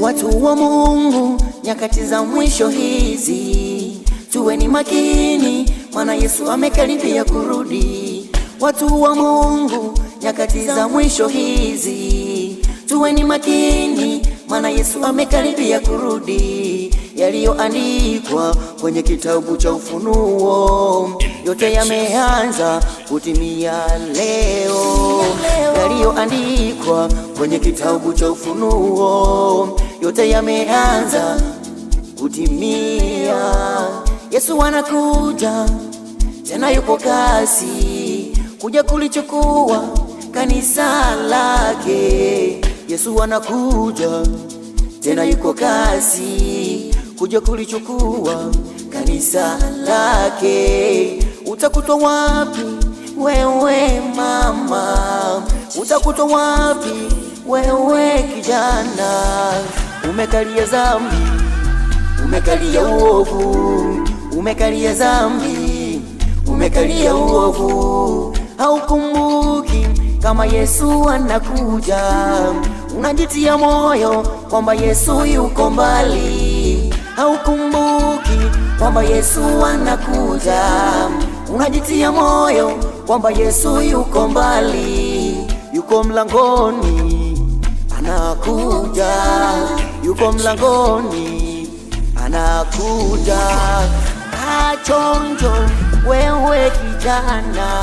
Watu wa Mungu, nyakati za mwisho hizi ni makini, maana Yesu amekaribia kurudi. Watu wa Mungu, nyakati za mwisho hizi tuwe ni makini, maana Yesu amekaribia kurudi yaliyoandikwa kwenye kitabu cha Ufunuo, yote yameanza kutimia leo. Yaliyoandikwa kwenye kitabu cha Ufunuo, yote yameanza kutimia. Yesu anakuja tena, yuko kasi kuja kulichukua kanisa lake. Yesu anakuja tena, yuko kasi kuja kulichukua kanisa lake. Utakutwa wapi wewe mama? Utakutwa wapi wewe kijana? Umekalia zambi, umekalia uovu, umekalia zambi, umekalia uovu, haukumbuki kama Yesu anakuja. Unajitia moyo kwamba Yesu yuko mbali haukumbuki kwamba Yesu anakuja, unajitia moyo kwamba Yesu yuko mbali, yuko mlangoni anakuja, yuko mlangoni anakuja. Kachonjo wewe kijana,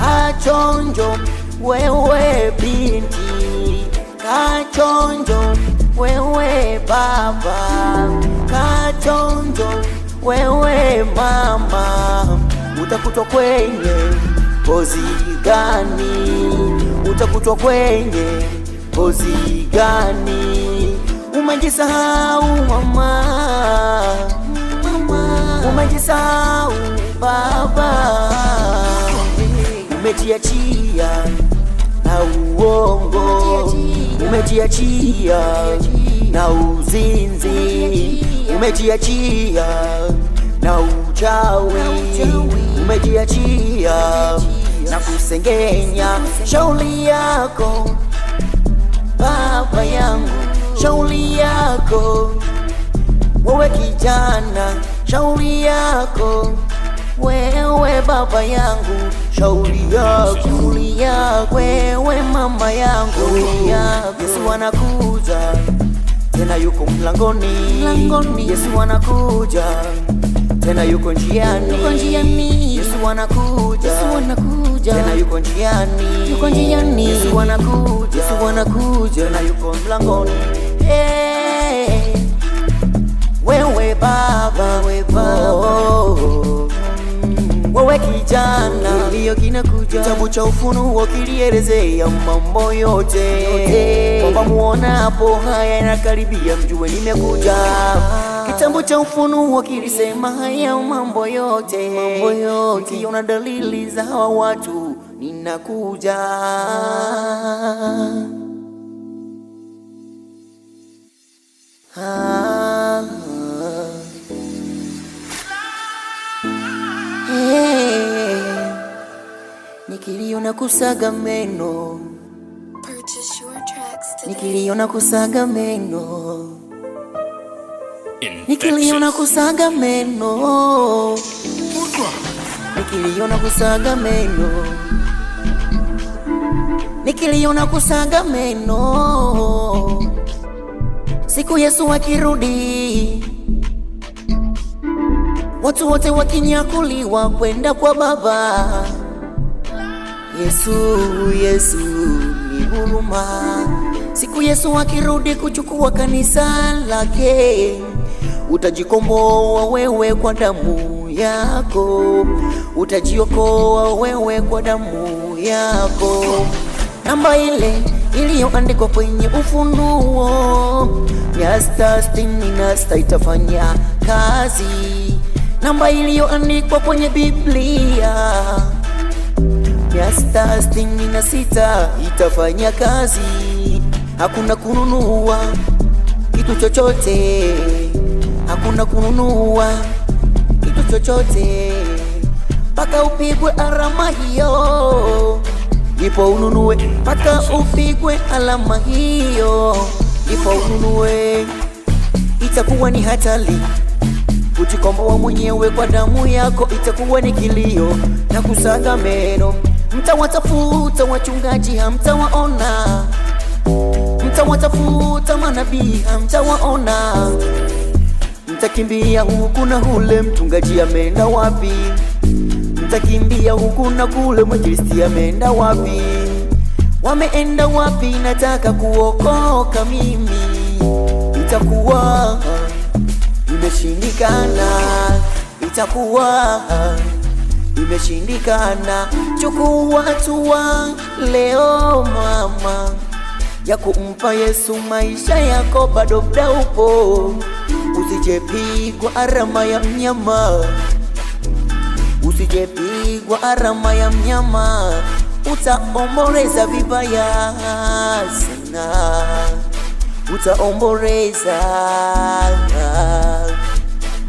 kachonjo wewe binti, kachonjo wewe baba wewe mama, utakutwa kwenye pozi gani? Utakutwa kwenye pozi gani? Umejisahau mama, mama. Umejisahau baba, umejiachia na uongo, umejiachia na uzinzi, umejiachia na uchawi, umejiachia na kusengenya. Shauli yako baba yangu, shauli yako wewe kijana, shauli yako wewe baba yangu, shauri yako yako kwewe, mama yangu. Yesu wanakuja tena, yuko mlangoni mlangoni. Yesu wanakuja tena, yuko njiani yuko njiani. Yesu wanakuja Yesu wanakuja tena, yuko njiani yuko njiani. Yesu wanakuja Yesu wanakuja tena, yuko mlangoni. Hey. jana kilio kinakuja, kitabu cha Ufunuo kilielezea mambo yote, kwamba hapo haya yanakaribia, mjue nimekuja. Ah. Kitabu cha Ufunuo kilisema haya mambo yote, mambo yote, ukiona dalili za hawa watu ninakuja. Ah. nikilio na kusaga meno, nikilio na kusaga meno, nikilio na kusaga meno, nikilio na kusaga meno, nikilio na kusaga meno, siku Yesu akirudi watu wote wakinyakuliwa kwenda kwa Baba. Yesu, Yesu ni huruma. Siku Yesu akirudi kuchukua kanisa lake, utajikomboa wewe kwa damu yako, utajiokoa wewe kwa damu yako. Namba ile iliyoandikwa kwenye Ufunuo mia sita sitini na sita itafanya kazi, namba iliyoandikwa kwenye Biblia Rasta sitini na sita itafanya kazi, hakuna kununua kitu chochote, hakuna kununua kitu chochote mpaka upigwe alama hiyo, ipo ununue, mpaka upigwe alama hiyo, ipo ununue. Itakuwa ni hatari kujikomboa mwenyewe kwa damu yako, itakuwa ni kilio na kusaga meno Mtawatafuta wachungaji hamtawaona, mtawatafuta manabii hamtawaona, mtakimbia huku na hule, mchungaji ameenda wapi? Mtakimbia huku na kule, mwinjilisti ameenda wapi? Wameenda wapi? Nataka kuokoka mimi, itakuwa imeshindikana, itakuwa imeshindikana. Chukua hatua leo mama ya kumpa Yesu maisha yako, bado muda upo. Usijepigwa arama ya mnyama, usijepigwa arama ya mnyama, utaomboleza vibaya sana, utaomboleza.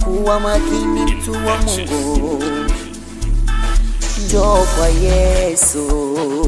Kuwa makini mtu wa Mungu. Wito kwa Yesu.